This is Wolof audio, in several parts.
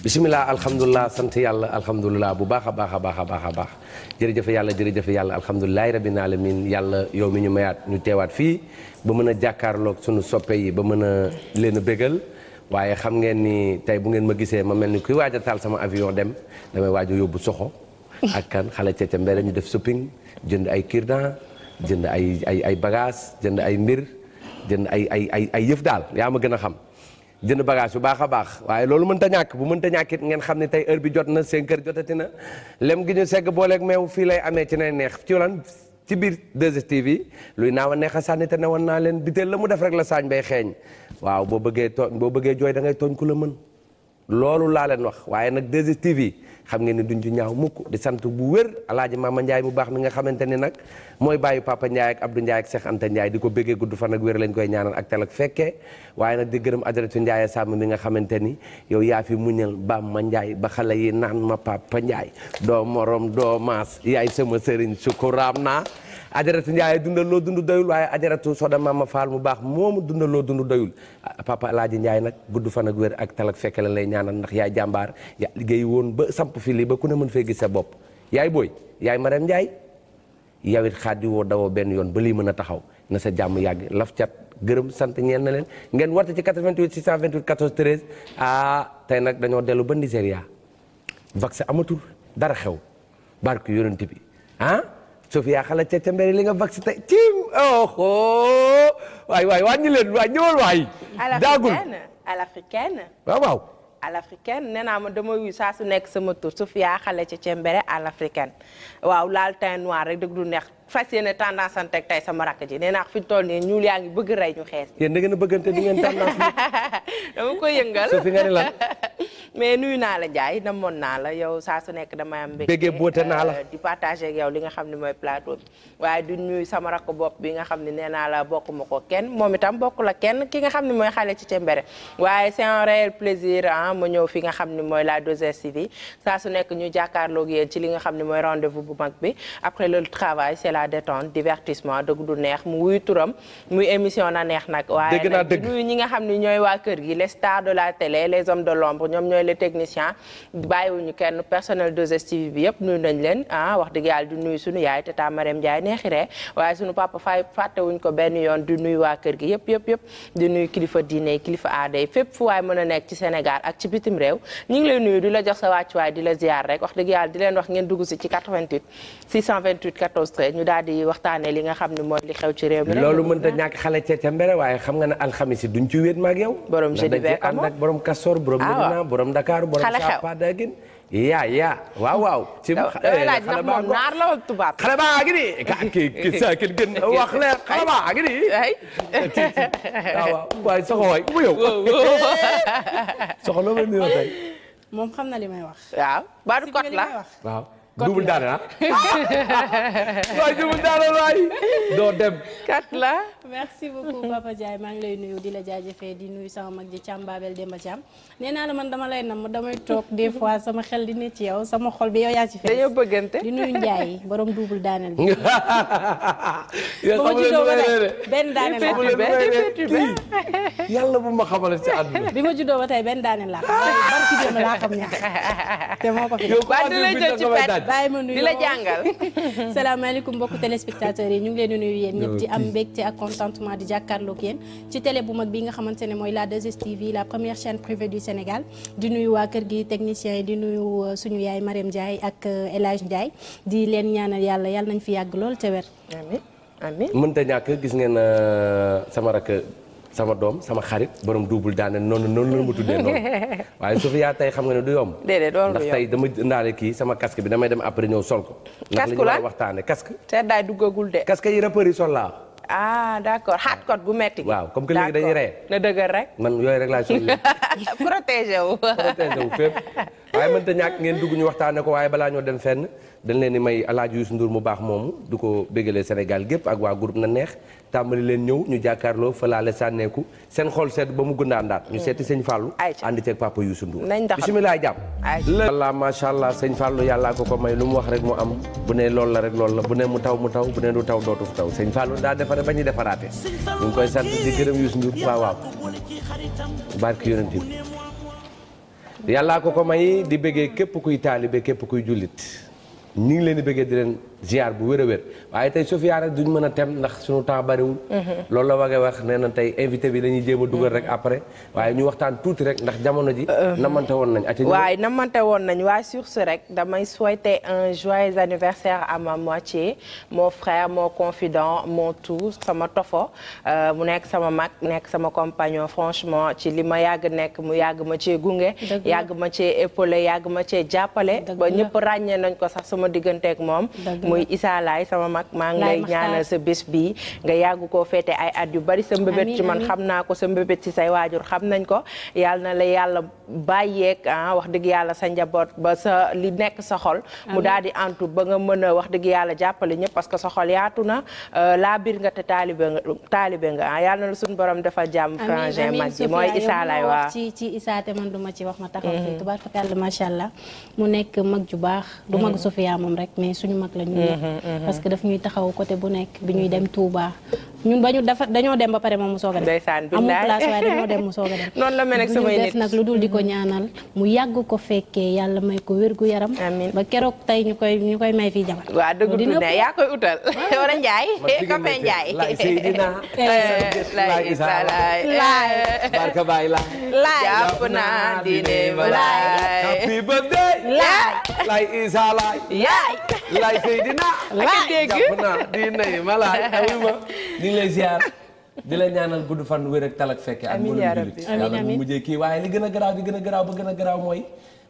bisimilah alhamdulilah sant yàlla alhamdulilah bu baax a baax a baax a baax a baax jërëjëf yàlla jërëjëf yàlla alhamdulilahi rabbil alamin yàlla yow mi ñu mayaat ñu teewaat fii ba mën a jàkkaarloog sunu soppe yi ba mën a leen a bégal waaye xam ngeen ni tey bu ngeen ma gisee ma mel ni kuy waaja a taal sama avion dem damay waaj yóbbu soxo ak kan xale ca ca mbéy ñu def shopping jënd ay kirdan jënd ay ay ay jënd ay mbir jënd ay ay ay ay yëf daal yaa ma gën a xam jënd bagage yu baax a baax waaye loolu mënta ñàkk bu mënta ñàkkit ngeen xam ne tey heure bi jot na cinq heures jotati na lem gi ñu segg booleeg meew fii lay amee ci ne neex ci lan ci biir 2STV luy naaw a neex a sànni te ne woon naa leen biteel la mu def rek la saañ bay xeeñ waaw boo bëggee tooñ boo bëggee jooy dangay ngay tooñ ku la mën loolu laa leen wax waaye nag 2STV yi xam ngeen ni duñ ci ñaaw mukk di sant bu wér alaaji Mama Ndiaye mu baax mi nga xamante ni nag mooy bàyyi Papa Ndiaye ak Abdou Ndiaye ak Cheikh Anta Ndiaye di ko bëggee gudd fan ak wér lañ koy ñaanal ak tel ak fekkee waaye nag di gërëm ajaratu Ndiaye sàmm mi nga xamante ni yow yaa fi muñal baam ma Ndiaye ba xale yi naan ma Papa Ndiaye doo morom doo maas yaay sama sëriñ sukuraam naa ajaratu Ndiaye dundal loo dund doyul waaye ajaratu Soda Mama Fall mu baax moomu dundal loo dund doyul ah, papa Alaaji Ndiaye nag gudd fan ak wér ak talak fekke la lay ñaanal ndax yaay jàmbaar yaa liggéey woon ba samp fi lii ba ku ne mën fee gis sa bopp yaay booy yaay ma Ndiaye yow it xaadi woo dawoo benn yoon ba lii mën a taxaw na sa jàmm yàgg laf cat gërëm sant ñeen na leen ngeen warte ci 88 628 14 13 tey nag dañoo dellu ba Nigéria vaccin amatul dara xew barke bi ah? Sofia xala tete mbéri li nga vacciné tiim oho waay waay wàññi leen waay ñëwal waay daagul à l'africaine waaw waaw à l'africaine nee naa ma dama wuy saa su nekk sama tur Sofia xala tete mbéri à l'africaine waaw laal teint noir rek du neex fas yéene tendance an teg tey sama rakk ji nee naa fi ñu toll nii ñuul yaa ngi bëgg rey ñu xees yéen da ngeen a bëggante di ngeen tendance dama ko yëngal so fi nga ne lan mais nuyu naa la Ndiaye moon naa la yow saa su nekk damay am mbégte béggee boote naa la euh, di partager yow li nga xam ne mooy plateau bi waaye du nuyu sama rakk bopp bi nga xam ne nee naa la bokk ma ko kenn moom itam bokk la kenn ki nga xam ne mooy xale ci cembere waaye c'est un réel plaisir ah ma ñëw fi nga xam ne mooy la 2STV saa su nekk ñu jàkkaarloog yéen ci li nga xam ne mooy rendez-vous bu mag bi après la détente divertissement dëgg du neex mu wuyu turam muy émission na neex nag waaye nag nuyu ñi nga xam ne ñooy waa kër gi les stars de la télé les hommes de l'ombre ñoom ñooy les techniciens bàyyiwuñu kenn personnel 2STV bi yëpp nañ leen ah, wax dëgg yàlla di nuy sunu yaay tata Marème Ndiaye neexiree waaye suñu papa fay fàttewuñ ko benn yoon di nuyu waa kër gi yëpp yëpp yëpp di nuyu kilifa diine kilifa aaday fépp fu waay mën a nekk ci Sénégal ak ci bitim réew ñu ngi lay nuyu di la jox sa wàccuwaay di la ziar rek wax dëgg yàlla di leen si ci ñu daal di waxtaanee li nga xam ne mooy li xew ci réew mi. loolu mënut a ñàkk xale ca ca waaye xam nga ne alxamis yi duñ ci wéet ma ak yow. borom jeudi beek amoo ànd ak borom Kastoor borom ah, Medina borom Dakar borom. xale xew Saapa yaa yaa waaw waaw. ci eh, laaj ndax naar la wala xale baa ngi nii kii kii saa wax leen xale baa ngi moom xam na li may wax. waaw baadu kot la double daane ah. waaye double daane waay doo dem. kat la. merci beaucoup Papa jaay maa ngi lay nuyu di la jaajëfee di nuyu sama mag ji Thiam Babel Demba Thiam nee naa la man dama lay nam damay toog des fois sama xel di ne ci yow sama xol bi yow yaa ci fees. dañoo bëggante di nuyu Ndiaye borom double daaneel bi. yow xam nga benn daaneel laa xam yàlla bu ma xamal ci àdduna. bi ma juddoo ba tey benn daaneel laa xam barki démb laa xam ñaar te moo ko fi. bàyyi ma nuyu di la jàngal salaamaaleykum mbokku téléspectateurs yi ñu ngi leen di nuyu yéen ñëpp di am mbégte ak contentement di jàkkaarloog yéen ci télé bu mag bi nga xamante ne mooy la 2STV la première chaîne privée du Sénégal di nuyu waa kër gi techniciens yi di nuyu euh, suñu yaay Mariam Ndiaye ak euh, El Hadj di leen ñaanal yàlla yàlla nañ fi yàgg lool te wér amiin amiin mënta ñàkk gis ngeen euh, sama rakk sama doom sama xarit borom double daane noonu noonu la ma tuddee noonu waaye Sofia tey xam nga ne du yomb. déedéet du yomb ndax tey dama ndaale kii sama casque bi damay dem après ñëw sol ko. ndax li ñu war a waxtaanee casque. te daay duggagul de. casque yi rappeurs yi sol laa. ah d' metti waaw comme que léegi dañuy ree na dëgër rek. man yooyu rek laa sol protégé wu. protégé wu fépp waaye mënta ñàkk ngeen dugg ñu waxtaanee ko waaye balaa ñoo dem fenn dañ leen di may alaaj Youssou Ndour mu baax moomu du ko bégalee Sénégal gépp ak waa groupe na neex tàmbali leen ñëw ñu jàkkaarloo fa laale sànneeku seen xol seet ba mu gëndaa ndaat ñu seeti sëñ Fallou ànd ceeg papa Youssou Ndour bisimilah jàmm la macha allah sëñ Fallou yàllaa ko ko may lu mu wax rek mu am bu ne loolu la rek loolu la bu ne mu taw mu taw bu ne du taw dootu fu taw sëñ Fallou daa defare ba ñuy defaraate ñu ngi koy sant di gërëm Youssou Ndour waaw waaw barke yonent bi yàllaa ko ko may di bëggee képp kuy taalibe képp kuy jullit ñu ziar bu wér a wér waaye tey Sofia rek duñ mën a tem ndax suñu temps bariwul loolu la wage wax nee na tey invité bi dañuy jéem a dugal rek après waaye ñu waxtaan tuuti rek ndax jamono ji euh, namante woon nañ ac waaye namante rek damay souhaiter un joyeux anniversaire à ma moitié mon frère mon confident mon tout sama tofo euh, mu nekk sama mag nekk sama compagnon franchement ci li ma yàgg nekk mu yàgg ma cee gunge yàgg ma cee épaulé yàgg ma cee jàppale ba ñëpp ràññee nañ muy Issa Laye sama mag maa ngi ñaanal sa bés bi nga yàgg koo féete ay at yu bari sa mbébét ci man xam naa ko sa mbébét ci say waajur xam nañ ko yàlla na la yàlla bàyyeeg ah wax dëgg yàlla sa njaboot ba sa li nekk sa xol mu daal di antu ba nga mën a wax dëgg yàlla jàppale ñëpp parce que sa yaatu na euh, laa biir nga te taalibe nga taalibe nga ah yàlla na la suñu borom defal jàmm frangin mag ji mooy Issa Laye waa ci wax ma taxaw mm-hmm. tubaarkalla allah mu nekk mag ju baax du mm-hmm. mag Sofia moom rek mais suñu mag la parce que daf ñuy taxaw côté bu nekk bi ñuy dem Touba ñun ba ñu dafa dañoo dem ba pare moom mu soog a dem. ndeysaan amul place mu soog dem. noonu la mel ak samay nit def nag lu dul di ko ñaanal mu yàgg ko fekkee yàlla may ko wér gu yaram. ba keroog tey ñu koy koy may fii jabar. waaw dëgg du yaa koy a njaay kafe njaay. laay barka baay laay. laay jàpp naa dine ma laay. happy birthday. laay laay Isa laay. laay laay Seydina. laay jàpp naa dine ma laay. ngi lay ziar di la fan wér ak tal ak fekke ak mboolem jullit yàlla bu mujjee kii waaye li gën a garaaw bi gën a garaaw ba gën a garaaw mooy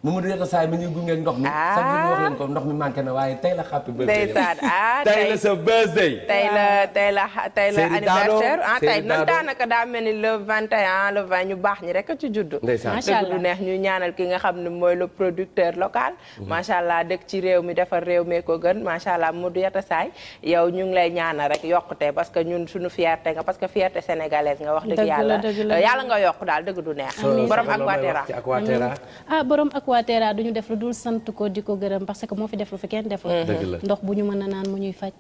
Mamadou Yatassay mi ñuy gunge ndox ah. ñu wax leen ko ndox mi manqué na waaye tey la happy birthday. ndeysaan ah tey la sa birthday. tey la tey la tey la anniversaire ah, tey nan daanaka daa mel ni le 21 le 20 ñu baax ñi rek a ci juddu. ndeysaan macha du neex ñuy ñaanal ki nga xam ne mooy lu producteur local. Mhm. macha allah dëkk ci réew mi defar réew mee ko gën macha allah Mamadou Yatassay yow ñu ngi lay ñaanal rek yokkute parce que ñun suñu fierté nga parce que fierté sénégalaise nga wax dëgg yàlla. yàlla nga yokk daal dëgg du neex. borom Aquaterra Aquaterra du ñu def lu dul sant ko di ko gërëm parce que moo fi def lu fi kenn deful ndox bu ñu mën a naan mu ñuy faj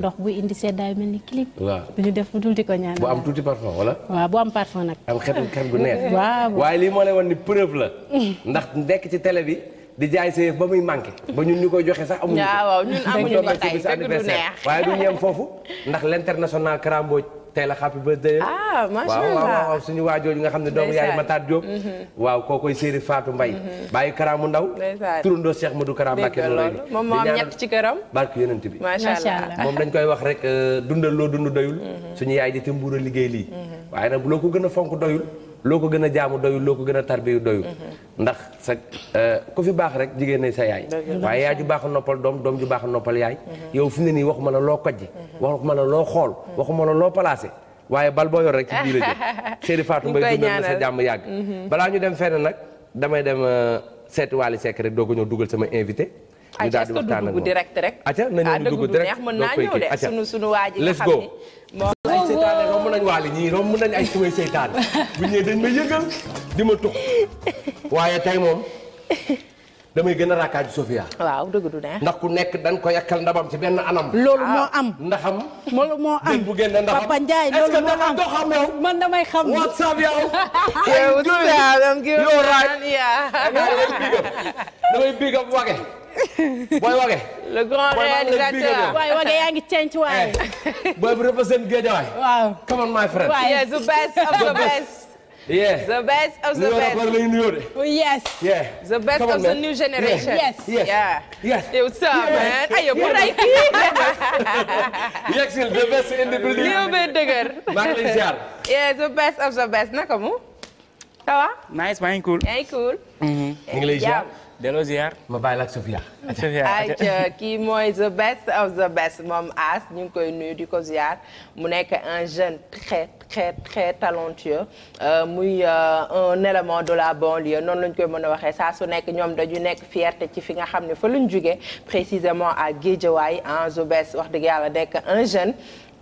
ndox bu indi seddaay mel ni clip waaw du ñu def lu dul di ko ñaan bu am tuuti parfum wala waaw bu am parfum nag am xet gu neex waaw waaye lii moo lay wan ni preuve la ndax nekk ci télé bi di jaay sa yëf ba muy manqué ba ñun ñu koy joxe sax amuñu ko waaw ñun amuñu ko tey dëgg du neex waaye du ñeem foofu ndax l'international Kara tey la happy birthday. ah macha allah waaw suñu waajooju nga xam ne doomu yaay Matar Diop. Mm-hmm. waaw kookoy Serigne Fatou Mbaye. Mm-hmm. bàyyi Karamu Ndaw. turandoo Cheikh Madou Karam Mbacké Noreyni. moom moo am ñett ci këram. barke yonent bi macha moom dañ koy wax rek euh, dundal loo dund doyul. Mm-hmm. suñu yaay di te mbuur a liggéey lii. waaye nag loo ko gën a fonk doyul. loo ko gën a jaamu doyul loo ko gën a tarbiyu doyul mm-hmm. ndax sa euh, ku fi baax rek jigéen nay sa yaay waaye yaay ju baax a noppal doom doom ju baax a noppal yaay mm-hmm. yow fi mu ne nii waxuma la loo kojji mm-hmm. waxuma la loo xool waxuma la loo placé waaye bal boo yor rek ci biir la jëm Seydi Fatou dundal sa jàmm yàgg balaa ñu dem fenn nag damay dem euh, seeti Wally Seck rek doo ko ñëw dugal sama invité ñu daal di waxtaan ak moom direct rek. atia nañu ah, dugg direct mën naa ñëw de sunu sunu waa ji nga xam ni. moom ay seytaane romb nañ waali ñii romb nañ ay sumay seytaane bu ñëwee dañ may yëgal di ma tux waaye tey moom damay gën a raakaaju Sofia. waaw dëgg du neex. ndax ku nekk dañ ko yakkal ndabam ci benn anam. loolu moo ah. am ndaxam. loolu moo am bu génne ndabam Papa Ndiaye xam yow. man damay xam ni WhatsApp yow. damay big wage booy wage. le grand réalisateur booy wage yaa ngi cënc waay. Eh, booy bu represent Géejawaay. waaw come on my friend. waay the best of the best. Yeah. the best of the best oh, yes. yeah. the best on, of man. the new generation. yes yes yeah. yes. yow ça man aywa bu rëy kii. yegg si the best in the building. yow bee dëgër. maa ngi lay ziar. yeah the best of the best naka mu. ça va. nice maa ngi cool. yaa ngi cool. ñu ngi lay ziar. delloo ziar. ma bàyyi la ak Sofia. ayca kii mooy the best of moom As ñu ngi koy nuyu di ko ziar mu nekk un jeune très très très talentueux euh, muy euh, un élément de la banlieue noonu lañ koy mën a waxee saa su nekk ñoom dañu nekk fierte ci fi nga xam ne fa luñ jugee précisément à Guédiawaye en the wax dëgg yàlla nekk un jeune.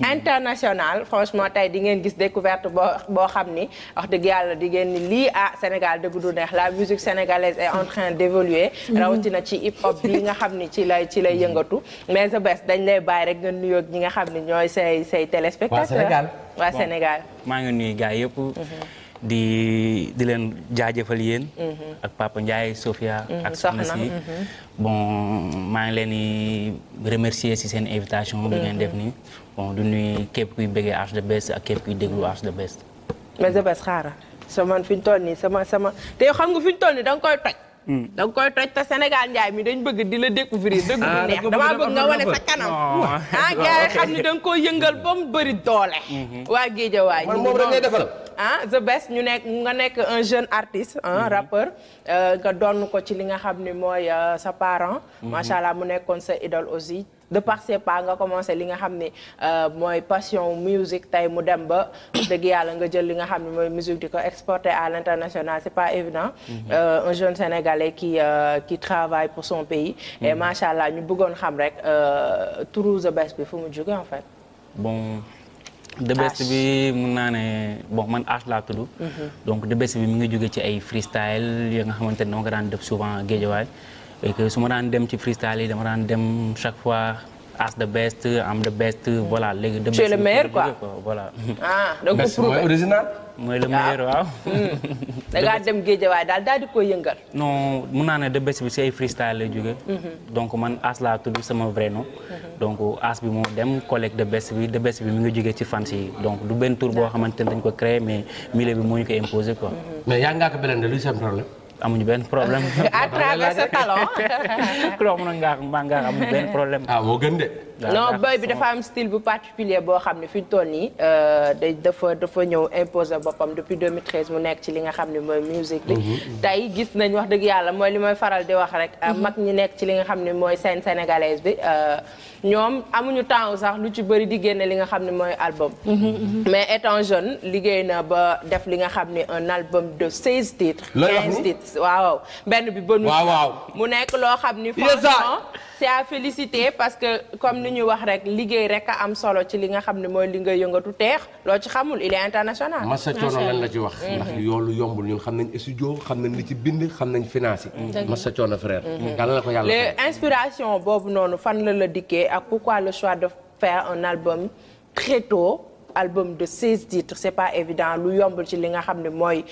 international franchement tey di ngeen gis découverte boo boo xam ni wax dëgg yàlla di ngeen ni lii ah Sénégal dëgg du neex la musique sénégalaise est en train d'évoluer mhm. rawatina ci hip hop bi nga xam ni ci lay ci lay yëngatu mais The Best dañ lay bàyyi rek nga nuyoo ak ñi nga xam ni ñooy say say téléspectateurs waa Sénégal maa ngi nuyu gars yëpp mhm. di di leen jaajëfal yéen mhm. ak Papa Ndiaye Sofia ak soxna maa ngi leen di remercier si seen invitation bi ngeen def nii bon du nuyu képp kuy bëggee Arche de Best ak képp kuy déglu Arche de Best. mais de Best xaaral sama fi toll nii sama sama te xam nga fi ñu toll nii da nga koy toj. Hmm. danga nga koy toj te Sénégal Ndiaye mi dañ bëgg di la découvrir dëgg bu ah, neex damaa bëgg nga wane sa kanam oh. ah gars da nga koo yëngal ba bëri doole mhm. waa géej waay ñu moom ah, ñu nekk nga nekk un jeune artiste un mhm. rappeur euh, nga donn ko ci li nga xam ni mooy euh, sa parent mhm. macha allah mu nekkoon sa idol aussi de par ses pas nga commencé li nga xam ne euh, mooy passion musique tey mu dem ba dëgg yàlla nga jël li nga xam ne mooy musique di ko exporter à l'international c'est pas évident mhm. euh, un jeune sénégalais qui euh, qui travaille pour son pays et mhm. macha allah ñu bëggoon xam rek turu The Best bi fu mu jóge en fait bon The Best bi mun naa ne bon man H la tudd mhm. donc The Best bi mi ngi jóge ci ay freestyle yi nga xamante ne dama ko daan def souvent géejawaay et su ma daan dem ci freestyle yi dama daan dem chaque fois as the best am the best voilà léegi. the best c'est le meilleur voilà. ah mooy original. mooy le ah. waaw. Hmm. da dem géej waaye daal daal di yëngal. non mun naa ne the best bi si ay freestyle lay jóge mhm. donc man ass laa tudd sama vrai nom. Mhm. donc as bi moo dem collecte the best bi the best bi mi ngi jógee ci fans yi donc du benn tour boo xamante ne dañ ko créé mais milieu bi moo ñu ko imposé quoi. Mhm. mais yaa ngaa ko beneen de lu seen problème. amuñu benn problème. à travers ce talent. ku la wax mun a problème. ah gën non boy bi dafa am style bu particulier boo xam ne fi mu toll nii euh, day dafa dafa ñëw imposer boppam depuis 2013 mu nekk ci li nga xam ne mooy musique bi mhm. tey gis nañ wax dëgg yàlla mooy li mooy faral di wax rek euh, mhm. mag ñi nekk ci li nga xam ne mooy scène sénégalaise bi euh, ñoom amuñu temps sax lu ci bëri di génne li nga xam ne mooy album mhm, mais étant jeune liggéey na ba def li nga xam ne un album de 16 titres 15 titres waaw benn bi bënu mu nekk loo xam ni forcément c'est à féliciter parce que comme ni ñu wax rek liggéey rek am solo ci li nga xam ne mooy li ngay yëngatu teex loo ci xamul il est international. massa coono lan la ci wax. ndax mhm. yoolu yombul ñun xam nañ studio xam nañ li ci bind xam nañ financé. Mhm. massa coono frère. Mhm. yàlla na ko yàlla inspiration boobu noonu fan la la dikkee ak pourquoi le choix de faire un album très de 16 titres c'est pas évident lu yombul ci li nga xam ne mooy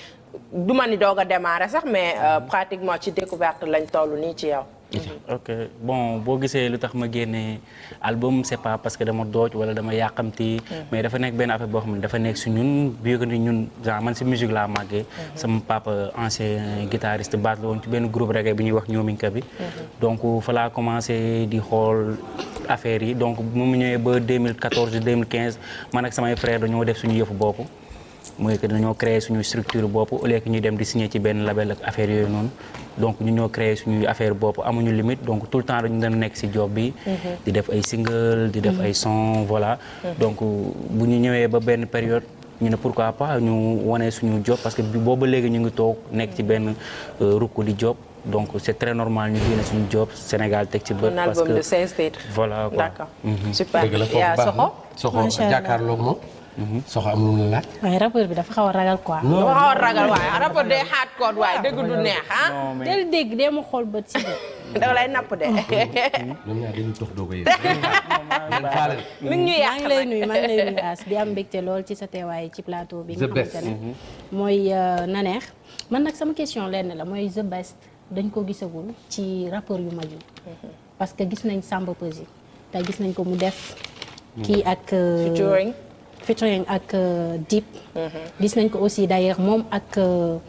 du ma ni doog a démarrer sax mais euh, pratiquement ci découverte lañ toll nii ci yow. Mhm. ok bon boo gisee lu tax ma génnee album c'est pas parce que dama dooj wala dama yàqamti. Mhm. mais dafa nekk benn affaire boo xam ne dafa nekk si ñun bii ko ni ñun genre man si musique laa màggee. Mhm. sama papa ancien guitariste baat la ci benn groupe reggae bi ñuy wax ñoominka bi. donc fa laa commencé di xool affaire yi donc mu ñëwee ba 2014 2015 man ak samay frères dañoo def suñu yëfu bopp. mooy que dañoo créer suñu structure bopp au lieu que ñuy dem di signer ci benn label ak affaire yooyu noonu donc ñu ñoo créer suñuy affaire bopp amuñu limite donc tout le temps dañu nekk ci mhm. mhm. mhm. bu ñu ñëwee ba benn période. ñu ne pourquoi pas ñu wane suñu job parce que bi booba léegi ñu ngi toog nekk ci benn euh, rukk di job donc c' est très normal ñu génne suñu job Sénégal teg ci bët. parce que un album de 16 soxo jàkkaarloo moom. soxla am lu mu waaye rappeur bi dafa xaw a ragal quoi. dafa xaw ragal waaye rappeur day xaat koot waaye dëgg du neex ah. del dégg dee mu xool bët si dafa lay napp de. ñoom ñu yàq di am mbégte lool ci sa teewaay ci plateau bi. nga xamante ne mooy euh, Nanékh man nag sama question lenn la mooy the best dañ ko gisagul ci rappeur yu maju mhm. parce que gis nañ Samba Peuzzi tey gis nañ ko mu def. Mhm. kii ak. Euh, featuring ak euh, Dip mm-hmm. gis nañ ko aussi d'ailleurs moom ak euh,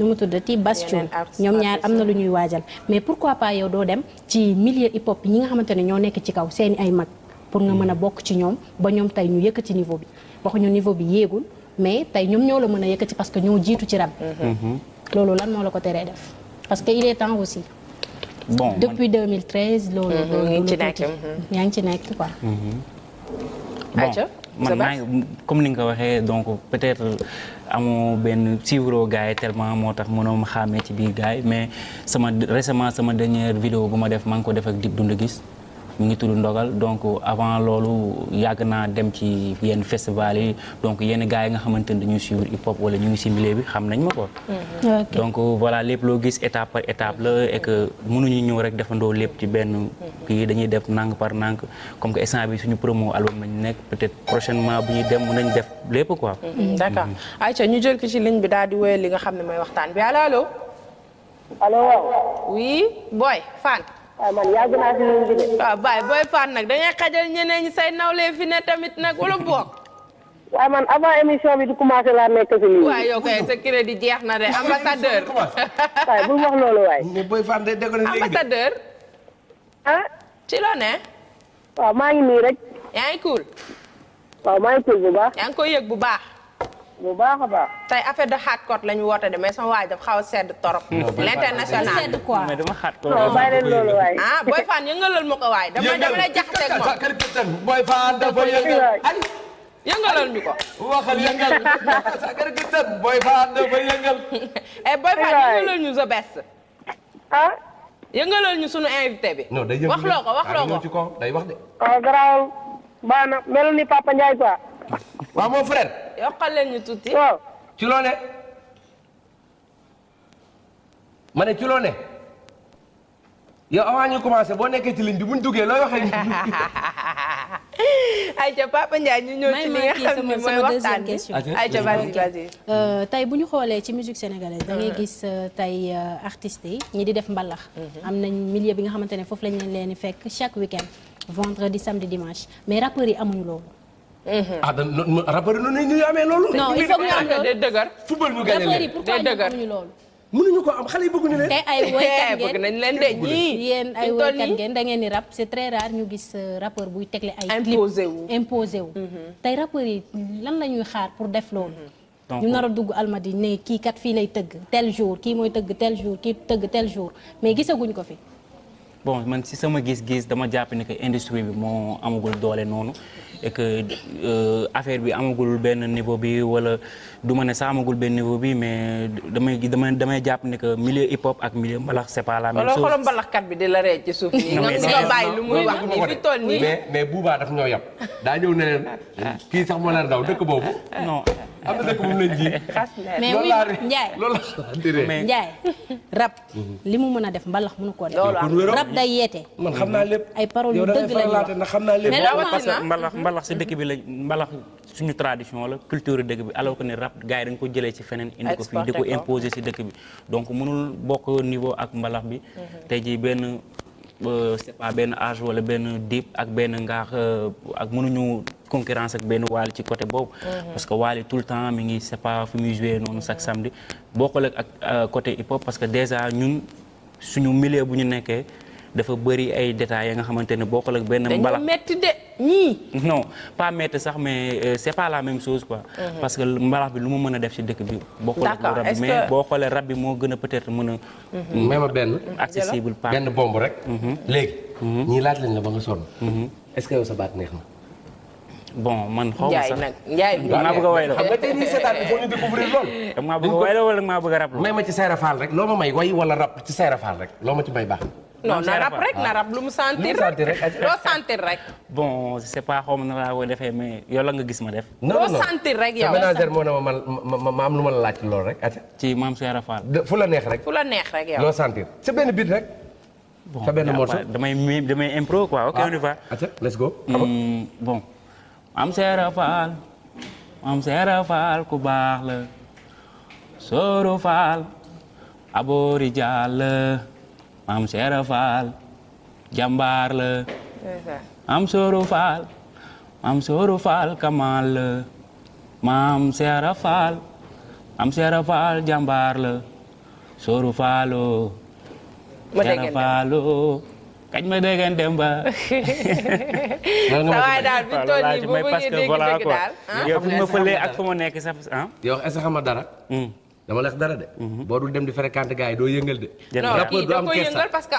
nu mu tuddati Bastion ñoom ñaar am na lu ñuy waajal mais pourquoi pas yow doo dem ci milieu hip hop ñi nga xamante ne ñoo nekk ci kaw seeni ay mag pour nga mën a mm. bokk ci ñoom ba ñoom tey ñu yëkkati niveau bi waxuñu niveau bi yéegul mais tey ñoom ñoo la mën a yëkkati parce que ñoo jiitu ci rab mm-hmm. mm-hmm. loolu lan moo la ko teree def parce que il est temps aussi bon depuis 2013 loolu loolu yaa ngi ci nekk quoi man maa comme ni nga ko waxee donc peut-être amoo benn suivre gars yi moo tax mënoo ma xàmmee ci biir gars yi mais sama récemment sama dernière vidéo bu ma def maa ngi ko def ak Dip Doundou Guiss mi ngi tudd Ndogal donc avant loolu yàgg naa dem ci yenn festival yi donc yenn gars yi nga xamante ni dañuy suivre hip hop wala ñu ngi si milieu bi xam nañ ma mm-hmm. euh, loo gis étape par étape la et que mënuñu ñëw rek defandoo lépp ci benn kii dañuy par nànk comme que instant bi suñu promo album lañu nekk peut-être mm-hmm. Mm-hmm. di wéyal li nga xam ne mooy waxtaan bi allo allo. allo waaw. booy Fane. ah man yàgg naa fi ñun de. waaw ah, Baye Boy Faat nag dañuy xajal ñeneen ñi say nawle fi ne tamit nag wala boog. waaye man avant émission bi du commencé laa nekk si lii. waaw yow kay sa crédit jeex na de ambassadeur. waaye bul wax loolu ah. ci loo waaw maa ngi nii rek. yaa ngi cool. waaw maa ngi cool bu baax. yaa ngi koy yëg bu baax. bu baax a baax. tey affaire de xaat kot lañu woote de mais sama waay dafa xaw a sedd torop. l'international sedd quoi waay. ah Boy Fane yëngalal ma ko waay. dama dama jaxaseeg moom Boy Fane dafa yëngal ay. yëngalal ñu yëngalal ñu the best. ah. yëngalal ñu sunu invité bi. non day wax loo ko wax loo ah, ko day wax de. Ah, ni Papa Ndiaye quoi. waaw mon frère. yokkal leen ñu tuuti. waaw ci loo ne. ma ne ci loo ne. yow avant ñu commencé boo nekkee ci ligne bi buñ duggee looy ay ayca Papa Ndiaye ñu ñëw ci li nga xam ne euh, bu ñu xoolee ci musique sénégalaise da ngay euh. gis euh, tey artistes yi ñi di def mbalax. Mhm. am nañ milieu bi nga xamante ne foofu lañ leen leen fekk chaque week-end vendredi samedi dimanche mais rappeurs yi amuñu loolu. Mhm. ah da rappeur yi noonu ñu amee loolu. non a faut ñu am loolu day dëgër. football ñu gagné leen day dëgër mënuñu ko am xale yi bëgguñu leen. te ay woykat ngeen nañ leen de ñii. yéen ay woykat ngeen da ngeen di rap c'est très rare ñu gis euh, rappeur buy tegle ay. imposé wu imposé wu. Mhm. tey rappeur yi lan la ñuy xaar pour def loolu. Mhm. ñu nara dugg alma di ne kii kat fii lay tëgg tel jour kii mooy tëgg tel jour kii tëgg tel jour mais gisaguñ ko fi. bon man si sama gis-gis dama jàpp ne que industrie bi moo amagul doole noonu. et que euh, bi amagul benn niveau bi wala du ma ne sax amagul benn niveau bi mais damay damay damay jàpp ne que milieu hip hop ak milieu mbalax c'est pas la même chose. bi di la rey ci suuf nii. nga bàyyi lu muy wax nii fi toll nii. mais mais Bouba daf ñoo yab daa ñëw ne leen kii sax moo leen daw dëkk boobu. non am na dëkk bu mu leen ji. mais li mu mën a def mbalax mënu koo day yeete. man xam naa lépp ay paroles yu dëgg la ñu wax. mbalax si dëkk bi la mbalax suñu tradition la culture dëkk bi alors que ne rap gars yi ko jëlee ci feneen indi ko fii di ko imposer si dëkk bi donc mënul bokk niveau ak mbalax bi mhm. tey jii benn euh, c'est pas benn âge wala benn dip ak benn ngaax euh, ak mënuñu concurrence ak benn waali ci côté boobu mhm. parce que waali tout le temps mu ngi c'est pas fi muy joué noonu chaque samedi ak euh, côté hip hop parce que déjà ñun suñu milieu bu ñu nekkee dafa bëri ay détails ya nga xamante ne bokkul ak benn mbala metti de ñii non pas metti sax mais euh, c'est pas la même chose quoi mhm. parce que mbalax bi lu ma mën a def si dëkk bi bokkul ak rab boo xoolee rab bi moo a peut-être mën a mhm. même benn accessible pas benn bomb rek mhm. léegi ñii laaj lañ la ba nga sonn est-ce que sa baat neex bon man xaw ma sax Ndiaye nag maa bëgg a way la may ma ci Seyra Fall rek loo ma may way wala rap ci Seyra Fall rek loo ma ci may baax. non na rab rek na rab lu ah. sentir rek loo sentir rek. bon c'est pas xaw ma na laa koy defee mais yow la nga gis ma def. non non loo sentir rek yow. sa ménagère am ma la laaj loolu rek. ci maam Cheikh Fall. fu la neex rek. fu neex rek loo sentir. sa benn bit rek. bon benn morceau damay damay impro quoi ok ah. on y va. let's go. Hmm, bon. maam Cheikh Fall. maam Cheikh Fall ku baax la. Soro maam Seera Faal jàmbaar la maam Soro Faal maam Soro Faal kamaal la maam Seera Faal maam Seera Faal jàmbaar la Soro Faalo ma déggan dem ba. daal bi toll nii bu ma ñëwee daal. Ah, yow fi ma fëlee ak fu ma nekk sax ah. yow est-ce que xam dara. Hmm. dama lex dara de. Mhm. boo dul dem di fréquenter gars yi doo yëngal de. rappeur du am kersa parce que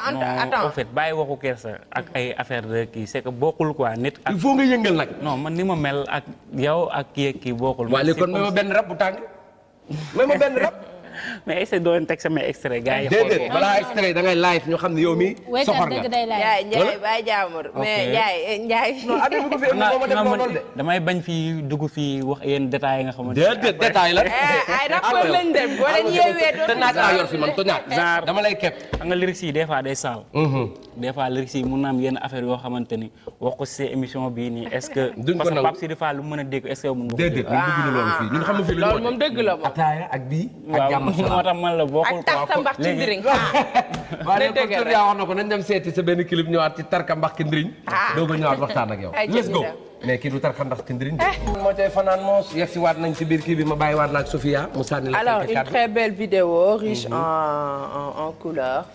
en fait bàyyi waxu kersa ak ay affaire de kii c'est que bokkul quoi nit. ak il nga yëngal nag. non man ni ma mel ak yow ak kii kii bokkul. waaw léegi kon may ma benn rap bu tàng may ma benn rap. mais essayé doo leen teg samay extrait balaa extrait da ngay live ñu xam ne yow mi soxor nga Ndiaye Ndiaye bàyyi jaamur. mais eh, ma damay bañ fi dugg fii wax yenn détails nga xamante ne. déedéet détail la. Eh, ay rapport lañ dem boo leen yeewee des fois day saal. Mhm. des mun na am yenn affaire yoo xamante ni wax ko si émission bii nii est-ce que. duñ ko nangu parce lu mën a dégg est-ce que. déedéet ñun xam nga fi. loolu moom dëgg la moom ataaya ak bii ak jàmm moo tax man la bokkul quoi ak tarka mbax ci ndiriñ. day dëgg rek wax na ko nañ dem seeti sa benn clip ñëwaat ci tarka mbax ci ah. doog a ñëwaat waxtaan ak yow let's go. mais kii du tarxal ndax tindirin eh. moo cay fanaan moo yegg si waat nañ si biir kii bi ma bàyyi waat la ak Sofia mu sànni la alors une très belle vidéo riche mm -hmm. en en couleur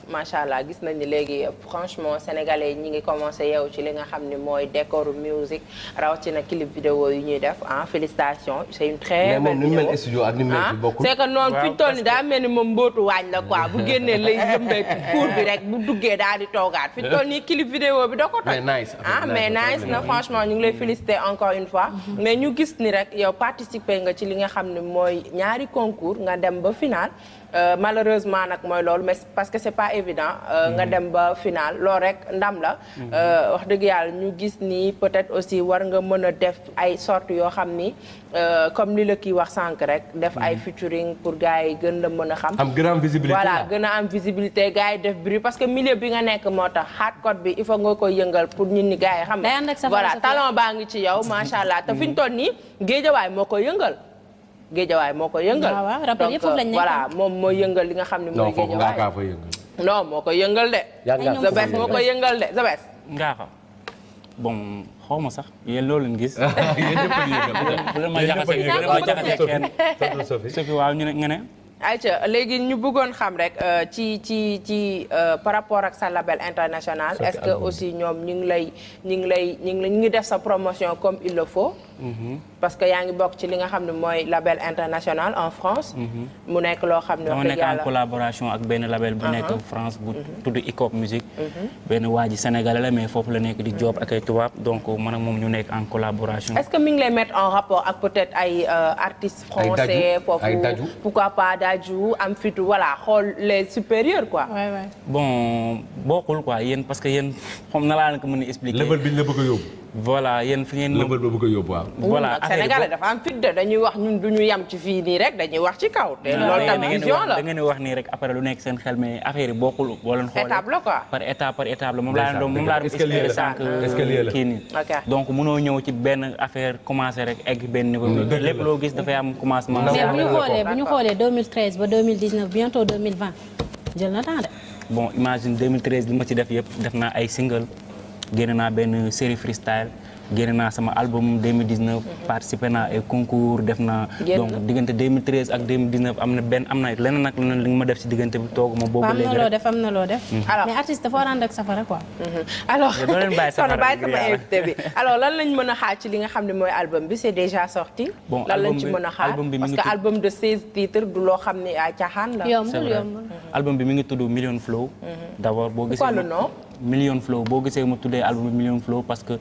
allah gis nañ ni léegi franchement sénégalais yi ñi ngi commencé yow ci li nga xam ni mooy décoru musique rawatina clip vidéo yu ñuy def ah félicitations c'est une très belle vidéo mais moom ni mu mel studio ak ni mu mel ci bokkul c'est que noonu fi toll ni daa mel ni moom mbootu waañ la quoi bu génnee lay yëmbee cour bi rek bu duggee di toogaat fi toll nii bi da listé encore une fois. Mhm. mais ñu gis nii rek yow participer nga ci li nga xam ne mooy ñaari concours nga dem ba final. Euh, malheureusement nag mooy loolu mais parce que c'est pas évident euh, mm-hmm. nga dem ba final loolu rek ndam la mm-hmm. euh, wax dëgg yàlla ñu gis ni peut-être aussi war nga mën a def ay sorte yoo xam ni comme li la kiy wax sànq rek def ay mm-hmm. featuring pour gaa yi gën la mën a xam am gën a am visibilité voilà gën a am visibilité yi def bruit parce que milieu bi nga nekk moo tax hardcore bi il faut nga koy yëngal pour ñun ñi gars yi xam voilà talent baa ngi ci yow macha allah te fi ñu toll nii géejawaay moo koy yëngal géejawaay moo ko yëngal. donc voilà moom mooy yëngal li nga xam ne mooy. géejawaay non foofu non moo ko yëngal de. zabes moo ko yëngal de zabes. ngaaxa bon xaw ma sax yéen loolu lañ gis. yéen a yëngal bu leen ma jaxase bu ma jaxase kenn. Sophie waaw ñu ne nga ne. ayca léegi ñu bëggoon xam rek euh, ci ci ci euh, par rapport ak sa label international est-ce que aussi ñoom ñu ngi lay ñu ngi lay ñu ngi def sa promotion comme il faut. Mm-hmm. parce que yaa ngi bokk ci li nga xam ne mooy label international en France. Mhm. mu nekk loo xam ne wax dëgg en collaboration ak benn label bu uh-huh. nekk France bu mhm. tudd Icop Musique. Mhm. benn waa ji sénégalais la mais foofu la nekk di job ak ay tubaab donc man ak moom ñu nekk en collaboration. est-ce que mi ngi lay mettre en rapport ak peut-être ay euh, artistes français. foofu pourquoi pas Dadju am fitu voilà xool les supérieurs quoi. bon bokkul quoi yéen parce que yéen xam na laa leen ko mën a voilà yéen fi ngeen. lëbal ba bëgg a yóbbu waaw. voilà Sénégal dafa am wax ñun du ñu yam ci fii nii rek dañuy wax ci kaw. te loolu tam vision wax nii rek après lu nekk seen xel mais affaire yi bokkul boo leen xoolee. par étape la moom laa doon moom laa doon kii nii. donc mënoo ñëw ci benn affaire commencé rek egg benn niveau bi. lépp loo gis dafay am commencement. mais bu ñu xoolee bu ñu xoolee 2013 ba 2019 bientôt 2020 jël na temps de. bon imagine 2013 li ma ci def yëpp def naa ay single génn naa benn série freestyle génn naa sama album 2019 participé naa ay concours def naa donc diggante 2013 ak 2019 am na benn am na leneen nag leneen li nga ma def si diggante bi toogu ma boobu def am na loo def mhm. mais artiste a ànd ak safara quoi mhm. alors kon bàyyi sama lan lañ mën a xaar ci li nga xam ne mooy album bi c'est déjà sorti bon lan lañ ci mën a xaar parce que de 16 titres du loo xam ne ah, caaxaan la yombul yombul bi mi ngi tudd million flow mhm. d'abord boo gisee le million flow boo gisee ma tuddee album million flow parce que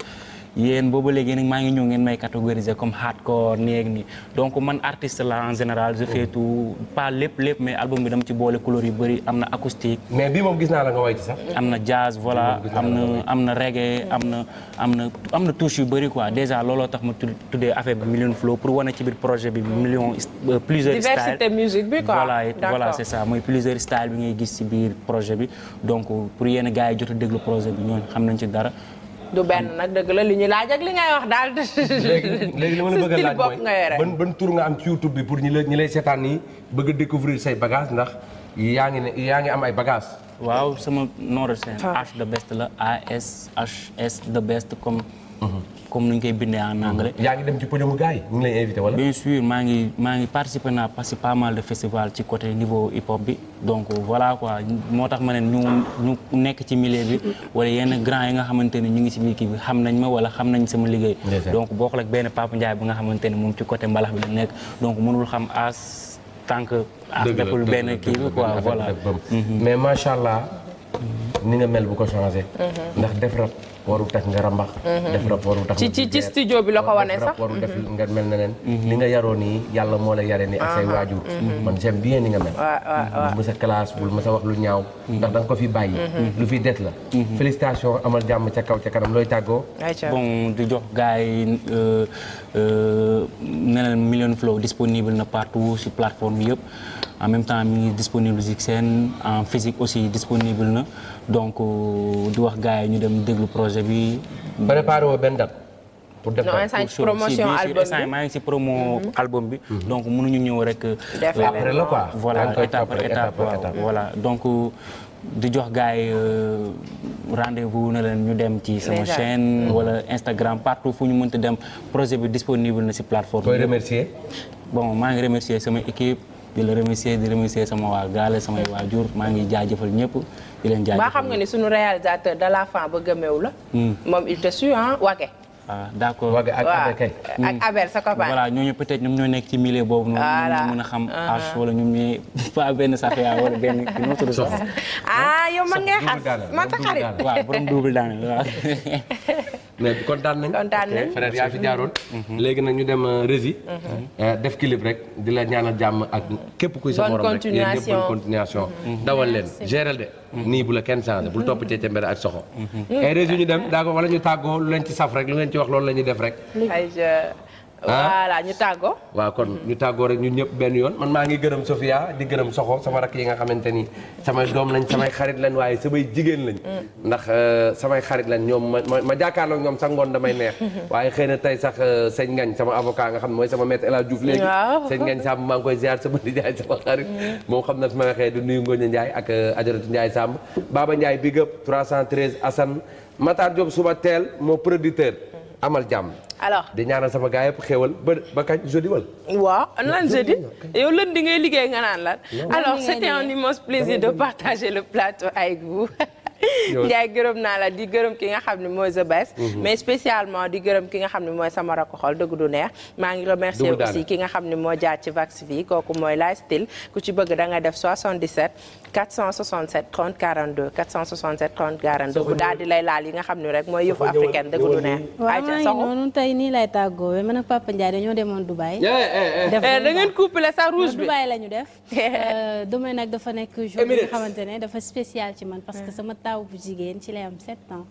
yéen boobu léegi nag maa ngi ñëw ngeen may catégoriser comme hardcore nii ak nii donc man artiste la en général je fais tout pas lépp lépp mais album bi dama ci boole couleur yu bëri am na acoustique. mais bi moom gis naa la nga way ci sax. am na jazz voilà am na am na reggae am na am na am na touche yu bëri quoi déjà looloo tax ma tuddee affaire bi million flow pour wane ci biir projet bi million euh, plusieurs styles diversité musique bi quoi voilà c'est ça mooy plusieurs styles bi ngay gis ci biir projet bi donc pour yenn gars yi jot déglu projet bi ñoon xam nañ ci dara. du benn nag dëgg la li ñu laaj ak li ngay wax daal. léegi li ma la bëgg a laaj mooy ban ban tour nga am ci YouTube bi pour ñi lay ñi lay seetaan nii bëgg a découvrir say bagages ndax yaa ngi ne yaa ngi am ay bagages. waaw sama nom de scène ah. H The Best la A S H S The Best comme. comme nu ñu koy bindee en anglais. yaa ngi dem ci podium gars yi bi donc tax ma ne ñu nekk ci milieu bi wala yenn grand yi nga xamante ne ñu ngi si biir kii bi xam nañ ma wala xam nañ sama liggéey. donc bokkul ak benn Papa Ndiaye bi nga xamante ne moom ci côté mbalax bi la nekk donc mënul xam as tant que. dëgg la dëgg benn kii bi quoi voilà. Mhm. mais macha allah. ni nga mel bu ko changé. Mhm. ndax def rap. rapport tak nga rambax mhm. def rapport tak ci ci ci studio bi la ko wane sax rapport def mhm. nga mel na neen mhm. li nga yaroo nii yàlla moo la yare ni ak say waajur man j'aime bien ni nga mel bul ma sa classe bul ma sa wax lu ñaaw ndax da ko fi bàyyi lu fi des la félicitation amal jàmm ca kaw ca kanam looy tàggoo bon di jox gars yi euh, euh, neneen Million Flow disponible na partout sur plateforme yëpp en même temps mi ngi disponible ci seen en physique aussi disponible na donc euh, di wax gars yi ñu dem déglu projet bi. préparé woo benn date. pour def ko promotion album bi maa ngi si promo mhm. album bi. Mhm. donc mënuñu ñëw rek. Euh, après la quoi voilà étape par voilà donc. Euh, di jox gars yi rendez na leen ñu dem ci sama chaine mhm. wala Instagram partout fu ñu mënta dem projet bi disponible na si plateforme. koy remercier bon maa ngi remercier sama équipe. di la remercier di remercier sama waa gaale samay waajur maa ngi jaajëfal ñëpp di ba xam nga ni sunu réalisateur de la fin ba gëmeew la. Hmm. moom il te suit ah wake. waaw d' hmm. sa copain. voilà ñooñu peut être ñoo nekk ci milieu boobu. voilà ñoom ñoo mën a xam âge uh-huh. wala ñoom ñooy pas benn Safia wala benn non tout ah yow man ngay man sa xarit. waaw borom double daanaka waaw. mais kontaan nañ kontaan nañ frère yaa fi jaaroon mhm. léegi nag ñu dem euh, rési mhm. euh, def clip rek di la ñaanal jàmm ak képp kuy sa morom rek yéen ñëpp bonne continuation mhm. dawal leen géral de nii bu la kenn changé bul topp cee ak soxo et rési ñu dem daa ko wala ñu tàggoo lu leen ci saf rek lu ngeen ci wax loolu la ñuy def rek Ah. voilà ñu tàggoo. waaw kon mhm. ñu tàggoo rek ñun ñëpp benn yoon man maa ngi gërëm Sofia di gërëm Soxo sama rakk yi nga xamante ni samay doom lañ samay xarit lañ waaye samay jigéen lañ. Mm. ndax euh, samay xarit lañ ñoom ma ma ma jàkkaarloo ñoom sax ngoon damay neex. waaye xëy na tey sax euh, sëñ Ngañ sama avocat nga xam ne mooy sama maître laa Hadj Diouf léegi. waaw sëñ Ngañ Samb ngi koy ziar sama nijaay sama xarit. Mm. moom xam na fi ma waxee du nuyu Ngoña Ndiaye ak euh, Ajaratu Ndiaye Samb Baba Ndiaye Big Up 313 Assane Matar Diop suba teel moo producteur mm. amal jàmm alors di ñaanal sama gars yëpp xéwal ba ba kañ jeudi wal waaw lan jeudi yow lënd di ngay liggéey nga naan lan alors c'était un immense plaisir de partager le plateau avec vous Ndiaye gërëm naa la di gërëm ki nga xam ne mooy The Best mhm. mais spécialement di gërëm ki nga xam ne mooy sama rakk xol dëgg du neex maa ngi remercier aussi ki nga xam ne moo jaar ci vax bi kooku mooy lifestyle ku ci bëgg da nga def 77 467 30 42 467 30 42 bu daal di lay laal yi nga xam ne rek mooy yëfu africaine dëgg du neex. waaw maa ngi noonu tey nii lay tàggoowee man ak Papa Ndiaye dañoo demoon Dubaï. Eh, eh, eh. la ñu def. Euh, demain nag dafa nekk jour bi xamante ne dafa spécial ci man. parce que sama taaw bu jigéen ci lay am 7 ans.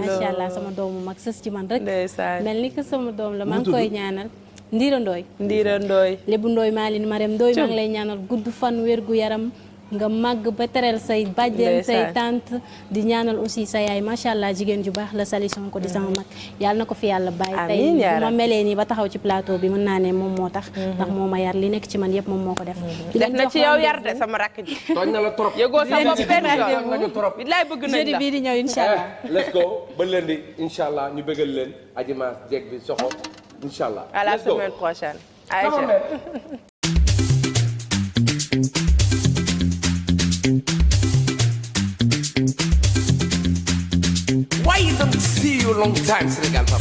macha allah sama doomu mag sës ci man rek. mel ni que sama doom la maa ngi koy ñaanal. Ndira Ndoye Ndira Ndooy Lebu Ndoye Maaline Marème Ndoye maa lay ñaanal gudd fan wér gu yaram. nga màgg ba tereel say bàjjen say tante di ñaanal aussi sa yaay macha allah jigéen ju baax la Sali Sonko di sama mm-hmm. mag yàlla na ko fi yàlla bàyyi tey bu melee nii ba taxaw ci plateau bi mën naa ne moom moo tax mm-hmm. ndax moo ma yar li nekk ci man yëpp moom moo ko def mm-hmm. def na ci yow yar de sama rakk ji tooñ na la trop bëgg nañ la bii di ñëw incha allah eh, let's go ba lundi incha allah ñu bëggal leen Adji Mass jeeg bi soxo incha allah à la semaine Why you don't see you long time, Sénégal